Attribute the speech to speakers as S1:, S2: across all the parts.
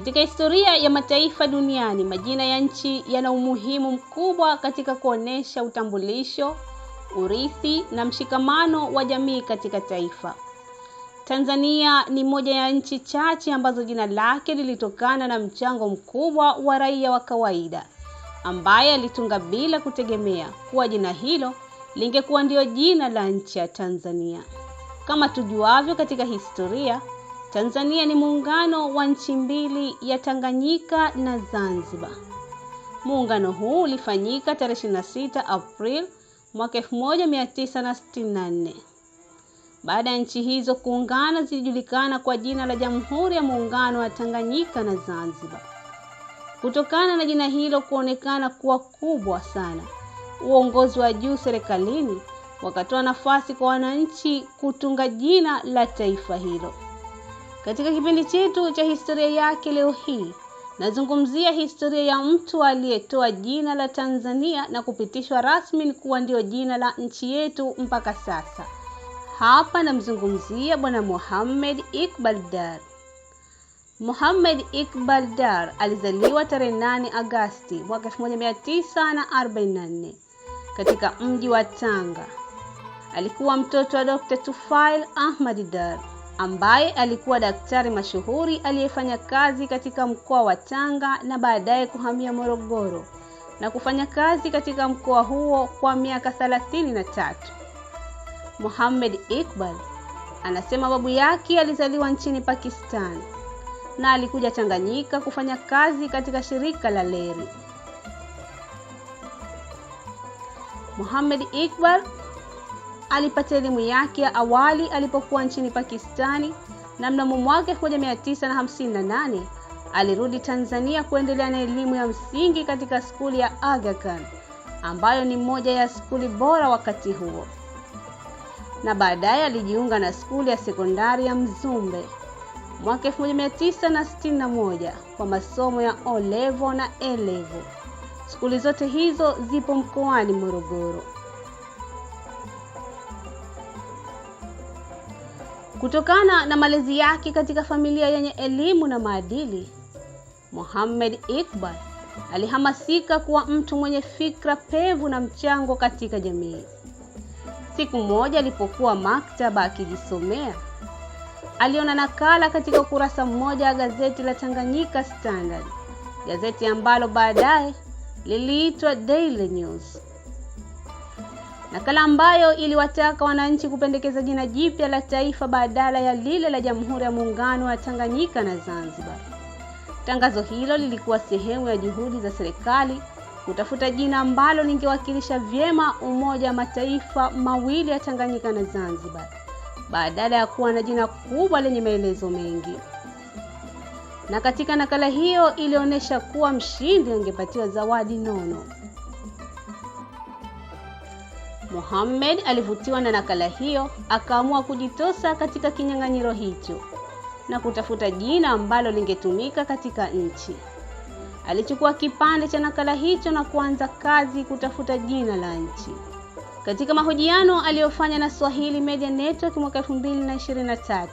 S1: Katika historia ya mataifa duniani, majina ya nchi yana umuhimu mkubwa katika kuonesha utambulisho, urithi na mshikamano wa jamii katika taifa. Tanzania ni moja ya nchi chache ambazo jina lake lilitokana na mchango mkubwa wa raia wa kawaida ambaye alitunga bila kutegemea kuwa jina hilo lingekuwa ndio jina la nchi ya Tanzania. Kama tujuavyo katika historia Tanzania ni muungano wa nchi mbili ya Tanganyika na Zanzibar. Muungano huu ulifanyika tarehe 26 Aprili mwaka 1964. Baada ya nchi hizo kuungana, zilijulikana kwa jina la Jamhuri ya Muungano wa Tanganyika na Zanzibar. Kutokana na jina hilo kuonekana kuwa kubwa sana, uongozi wa juu serikalini wakatoa nafasi kwa wananchi kutunga jina la taifa hilo. Katika kipindi chetu cha historia yake leo hii, nazungumzia historia ya mtu aliyetoa jina la Tanzania na kupitishwa rasmi kuwa ndio jina la nchi yetu mpaka sasa. Hapa namzungumzia Bwana muhammed Iqbal Dar. Mohamed Iqbal Dar alizaliwa tarehe 8 Agasti mwaka 1944 katika mji wa Tanga. Alikuwa mtoto wa Dr. Tufail Ahmad Dar ambaye alikuwa daktari mashuhuri aliyefanya kazi katika mkoa wa Tanga na baadaye kuhamia Morogoro na kufanya kazi katika mkoa huo kwa miaka 33 na tatu. Iqbal anasema babu yake alizaliwa nchini Pakistan na alikuja Tanganyika kufanya kazi katika shirika la Leri. Muhammad Iqbal Alipata elimu yake ya awali alipokuwa nchini Pakistani na mnamo mwaka 1958 alirudi Tanzania kuendelea na elimu ya msingi katika skuli ya Aga Khan ambayo ni moja ya skuli bora wakati huo, na baadaye alijiunga na skuli ya sekondari ya Mzumbe mwaka 1961 kwa masomo ya O level na A level. Skuli zote hizo zipo mkoani Morogoro. Kutokana na malezi yake katika familia yenye elimu na maadili, Mohamed Iqbal alihamasika kuwa mtu mwenye fikra pevu na mchango katika jamii. Siku moja alipokuwa maktaba akijisomea, aliona nakala katika ukurasa mmoja wa gazeti la Tanganyika Standard, gazeti ambalo baadaye liliitwa Daily News nakala ambayo iliwataka wananchi kupendekeza jina jipya la taifa badala ya lile la Jamhuri ya Muungano wa Tanganyika na Zanzibar. Tangazo hilo lilikuwa sehemu ya juhudi za serikali kutafuta jina ambalo lingewakilisha vyema umoja wa mataifa mawili ya Tanganyika na Zanzibar badala ya kuwa na jina kubwa lenye maelezo mengi. Na katika nakala hiyo ilionyesha kuwa mshindi angepatiwa zawadi nono. Mohammed alivutiwa na nakala hiyo, akaamua kujitosa katika kinyang'anyiro hicho na kutafuta jina ambalo lingetumika katika nchi. Alichukua kipande cha nakala hicho na kuanza kazi kutafuta jina la nchi. Katika mahojiano aliyofanya na Swahili Media Network mwaka 2023,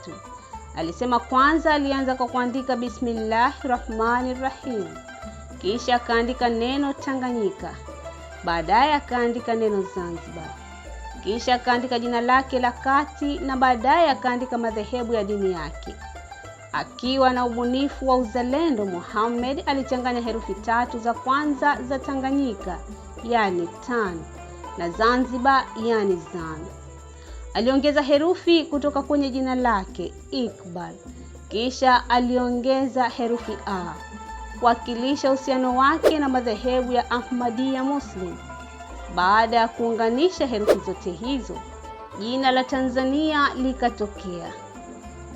S1: alisema kwanza alianza kwa kuandika bismillahi rahmani rahim, kisha akaandika neno Tanganyika baadaye akaandika neno Zanzibar, kisha akaandika jina lake la kati na baadaye akaandika madhehebu ya dini yake. Akiwa na ubunifu wa uzalendo, Muhammad alichanganya herufi tatu za kwanza za Tanganyika yani tan na Zanzibar yani zan. Aliongeza herufi kutoka kwenye jina lake Iqbal, kisha aliongeza herufi a kuwakilisha uhusiano wake na madhehebu ya Ahmadiyya Muslim. Baada ya kuunganisha herufi zote hizo, jina la Tanzania likatokea.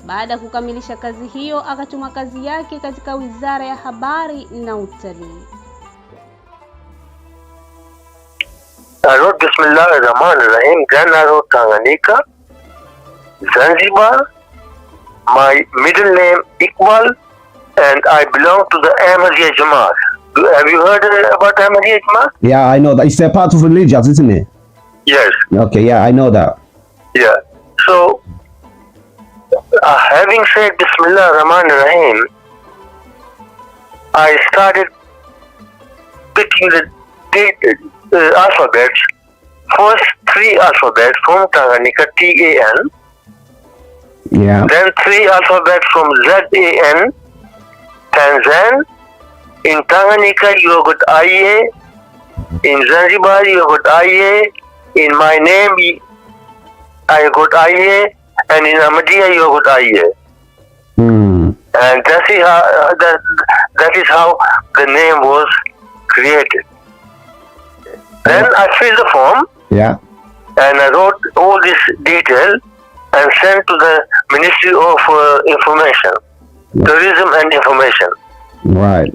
S1: Baada ya kukamilisha kazi hiyo, akatuma kazi yake katika Wizara ya Habari na Utalii.
S2: Alo, bismillahi rahmani rahim. General Tanganyika, Zanzibar. My middle name Iqbal and I belong to the Ahmadiyya Jamaat. Have you heard uh, about Ahmadi Ijma?
S3: Yeah, I know that. It's a part of religion, isn't it? Yes. Okay, yeah, I know that.
S2: Yeah. So, uh, having said Bismillah Rahman Rahim, I started picking the date, uh, alphabets, first three alphabets from Tanganyika, T-A-N, yeah. then three alphabets from Z-A-N, Tanzan, in Tanganyika, you have got IA. In Zanzibar, you have got IA. In my name, I have got IA. And in Ahmadiyya, you have got IA. Mm. And that is, how, uh, that, that is how the name was created. Then I filled the form. Yeah. And I wrote all this detail and sent to the Ministry of uh, Information, yeah. Tourism and Information.
S3: Right.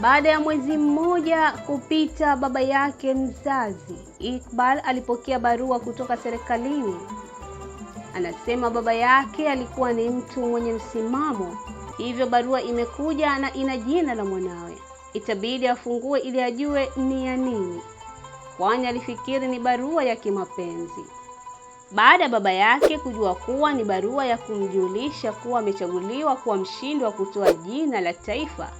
S1: Baada ya mwezi mmoja kupita, baba yake mzazi Iqbal alipokea barua kutoka serikalini. Anasema baba yake alikuwa ni mtu mwenye msimamo, hivyo barua imekuja na ina jina la mwanawe. Itabidi afungue ili ajue ni ya nini, kwani alifikiri ni barua ya kimapenzi. Baada ya baba yake kujua kuwa ni barua ya kumjulisha kuwa amechaguliwa kuwa mshindi wa kutoa jina la taifa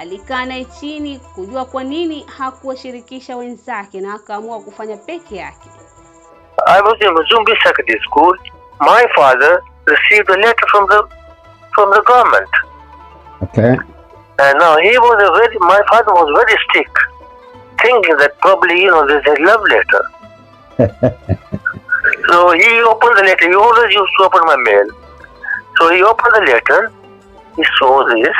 S1: alikaa naye chini kujua kwa nini hakuwashirikisha wenzake na akaamua kufanya peke yake.
S2: I was in Muzumbi Secondary School. My father received a letter from the from the government. Okay. And now he was a very my father was very strict, thinking that probably you know there's a love letter. so he opened the letter. He always used to open my mail. So he opened the letter. He saw this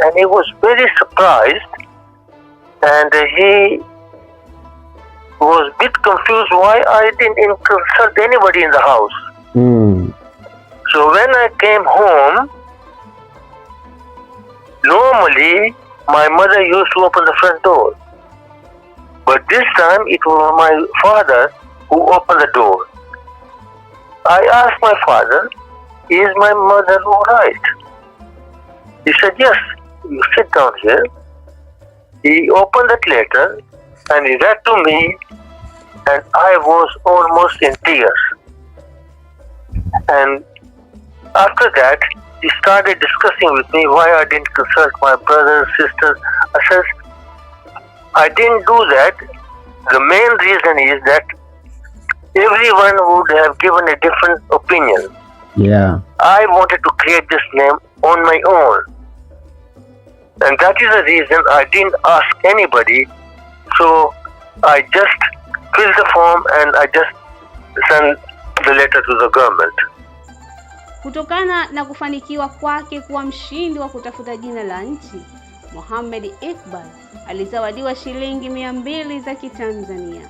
S2: and he was very surprised and he was a bit confused why I didn't consult anybody in the house. Mm. So when I came home, normally my mother used to open the front door. But this time it was my father who opened the door. I asked my father, Is my mother alright? He said, Yes, you sit down here. He opened that letter and he read to me, and I was almost in tears. And after that, he started discussing with me why I didn't consult my brothers, sisters. I says, I didn't do that. The main reason is that everyone would have given a different opinion. Yeah. I wanted to create this name on my own. And that is the reason I didn't ask anybody. So I just filled the form and I just sent the letter to the government.
S1: Kutokana na kufanikiwa kwake kuwa mshindi wa kutafuta jina la nchi, Mohamed Iqbal alizawadiwa shilingi mia mbili za Kitanzania,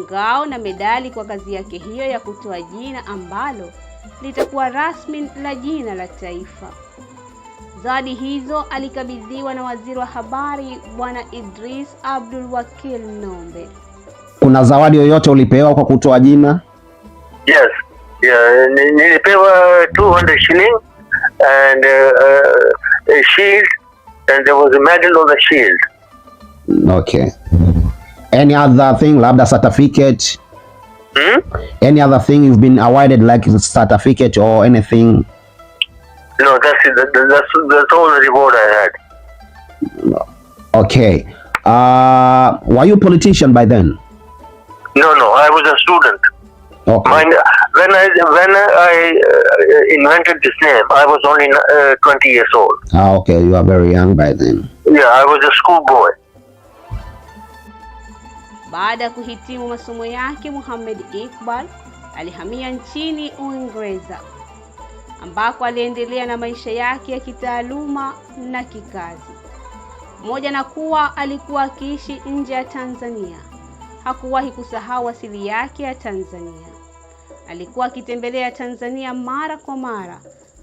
S1: ngao na medali kwa kazi yake hiyo ya kutoa jina ambalo litakuwa rasmi la jina la taifa. Zawadi hizo alikabidhiwa na waziri wa habari Bwana Idris Abdul Wakil Nombe.
S3: Kuna zawadi yoyote ulipewa kwa kutoa jina?
S2: Yes. Yeah, nilipewa 200 shilling and uh, a shield and there was a medal on the shield.
S3: Okay. Any other thing labda certificate? Hmm? Any other thing you've been awarded like certificate or anything?
S2: No, that's it. That, that's, that's all the report
S3: I had. Okay. Uh, were you a politician by then?
S2: No, no. I was a student. Okay. Mine, when I when I uh, invented this name, I was only uh, 20 years old.
S3: Ah, okay. You are very young by then.
S2: Yeah, I was a schoolboy.
S1: Baada ya kuhitimu masomo yake, Muhammad Iqbal alihamia nchini Uingereza ambako aliendelea na maisha yake ya kitaaluma na kikazi. Pamoja na kuwa alikuwa akiishi nje ya Tanzania, hakuwahi kusahau asili yake ya Tanzania. Alikuwa akitembelea Tanzania mara kwa mara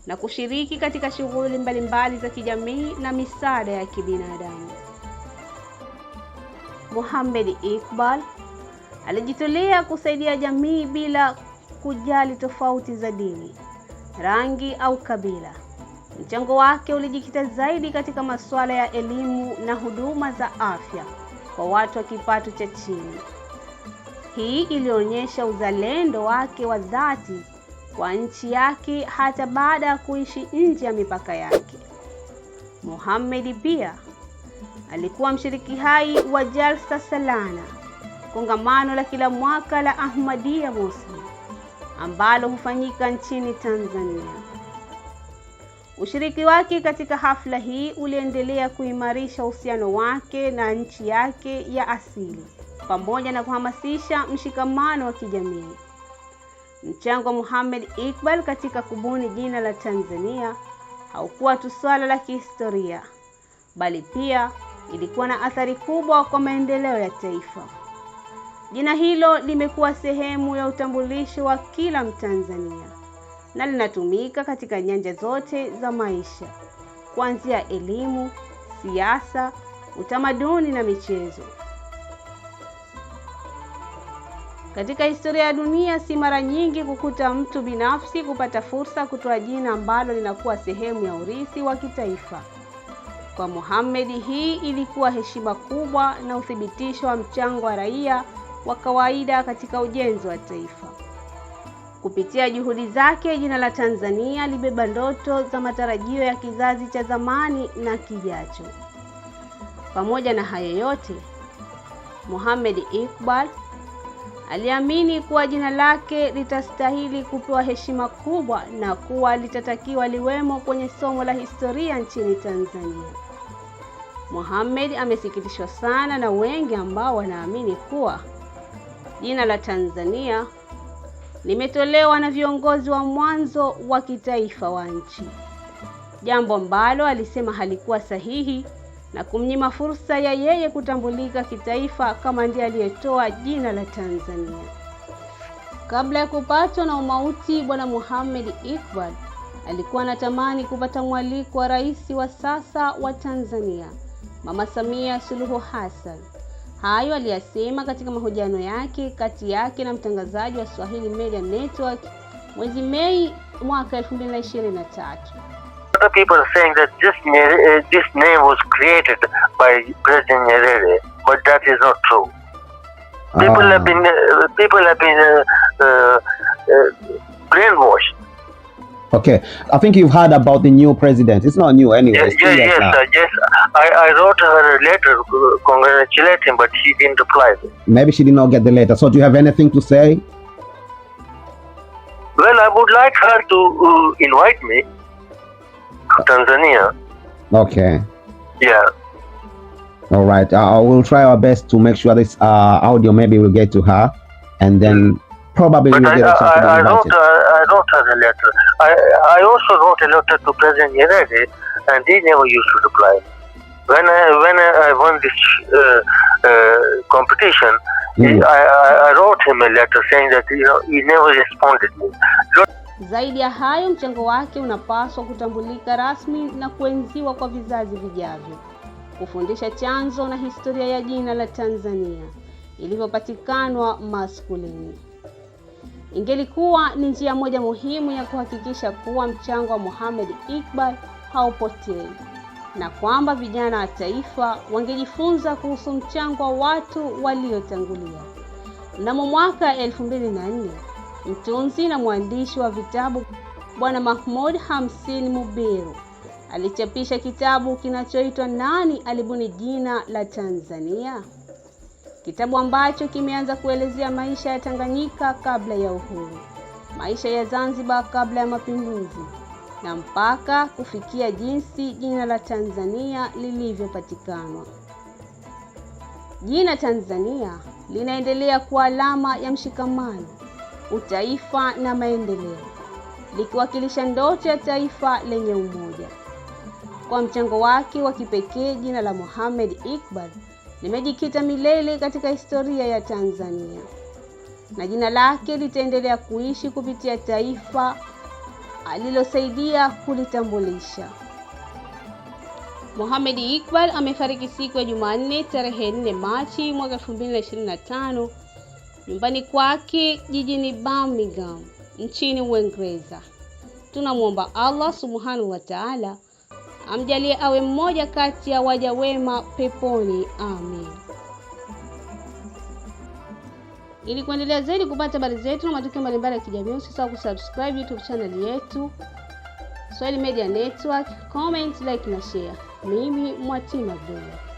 S1: na kushiriki katika shughuli mbalimbali za kijamii na misaada ya kibinadamu. Mohamed Iqbal alijitolea kusaidia jamii bila kujali tofauti za dini rangi au kabila. Mchango wake ulijikita zaidi katika masuala ya elimu na huduma za afya kwa watu wa kipato cha chini. Hii ilionyesha uzalendo wake wa dhati kwa nchi yake hata baada ya kuishi nje ya mipaka yake. Mohamed pia alikuwa mshiriki hai wa Jalsa Salana, kongamano la kila mwaka la Ahmadiyya Muslim ambalo hufanyika nchini Tanzania. Ushiriki wake katika hafla hii uliendelea kuimarisha uhusiano wake na nchi yake ya asili pamoja na kuhamasisha mshikamano wa kijamii. Mchango wa Muhammad Iqbal katika kubuni jina la Tanzania haukuwa tu swala la kihistoria, bali pia ilikuwa na athari kubwa kwa maendeleo ya taifa. Jina hilo limekuwa sehemu ya utambulisho wa kila Mtanzania na linatumika katika nyanja zote za maisha kuanzia elimu, siasa, utamaduni na michezo. Katika historia ya dunia, si mara nyingi kukuta mtu binafsi kupata fursa kutoa jina ambalo linakuwa sehemu ya urithi wa kitaifa. Kwa Muhammad, hii ilikuwa heshima kubwa na uthibitisho wa mchango wa raia wa kawaida katika ujenzi wa taifa. Kupitia juhudi zake, jina la Tanzania libeba ndoto za matarajio ya kizazi cha zamani na kijacho. Pamoja na hayo yote, Mohamed Iqbal aliamini kuwa jina lake litastahili kupewa heshima kubwa na kuwa litatakiwa liwemo kwenye somo la historia nchini Tanzania. Mohamed amesikitishwa sana na wengi ambao wanaamini kuwa Jina la Tanzania limetolewa na viongozi wa mwanzo wa kitaifa wa nchi, jambo ambalo alisema halikuwa sahihi na kumnyima fursa ya yeye kutambulika kitaifa kama ndiye aliyetoa jina la Tanzania. Kabla ya kupatwa na umauti, Bwana Muhammad Iqbal alikuwa anatamani kupata mwaliko wa rais wa sasa wa Tanzania, Mama Samia Suluhu Hassan Hayo aliyasema katika mahojiano yake kati yake na mtangazaji wa Swahili Media Network mwezi Mei mwaka 2023.
S2: Other people are saying that this, uh, this name was created by President Nyerere, but that is not true. Ah. People ah. have been, uh, people have been uh, uh, uh, brainwashed.
S3: Okay, I think you've heard about the new president. It's not new anyway. Yes, yes, yes, yes, sir.
S2: yes I, I wrote her a letter congratulating, but she didn't reply.
S3: Maybe she did not get the letter. So, do you have anything to say?
S2: Well, I would like her to uh, invite me to Tanzania. Okay. Yeah.
S3: All right. I uh, will try our best to make sure this uh, audio maybe will get to her, and then mm. probably but we'll I, get I, I, I wrote, uh,
S2: I, wrote her a letter. I, I also wrote a letter to President Nyerere, and he never used to reply. when I uh, when I, uh, I won this uh, uh, competition, mm. I, I wrote him a letter saying that you know he never responded me.
S1: Zaidi ya hayo, mchango wake unapaswa kutambulika rasmi na kuenziwa kwa vizazi vijavyo, kufundisha chanzo na historia ya jina la Tanzania ilivyopatikanwa maskulini. Ingelikuwa ni njia moja muhimu ya kuhakikisha kuwa mchango wa Mohamed Iqbal haupotei na kwamba vijana wa taifa wangejifunza kuhusu mchango wa watu waliotangulia. Mnamo mwaka 2004 mtunzi na mwandishi wa vitabu Bwana Mahmud Hamsin Mubiru alichapisha kitabu kinachoitwa Nani alibuni jina la Tanzania, kitabu ambacho kimeanza kuelezea maisha ya Tanganyika kabla ya uhuru, maisha ya Zanzibar kabla ya mapinduzi na mpaka kufikia jinsi jina la Tanzania lilivyopatikana. Jina Tanzania linaendelea kuwa alama ya mshikamano, utaifa na maendeleo, likiwakilisha ndoto ya taifa lenye umoja. Kwa mchango wake wa kipekee, jina la Mohamed Iqbal limejikita milele katika historia ya Tanzania na jina lake litaendelea kuishi kupitia taifa alilosaidia kulitambulisha. Mohamed Iqbal amefariki siku ya Jumanne tarehe 4 Machi mwaka 2025 nyumbani kwake jijini Birmingham nchini Uingereza. Tunamwomba Allah subhanahu wa taala amjalie awe mmoja kati ya waja wema peponi, amin. Ili kuendelea zaidi kupata habari zetu na matukio mbalimbali ya kijamii, usisahau kusubscribe YouTube channel yetu Swahili Media Network, comment, like na share. Mimi Mwatima Abdullah.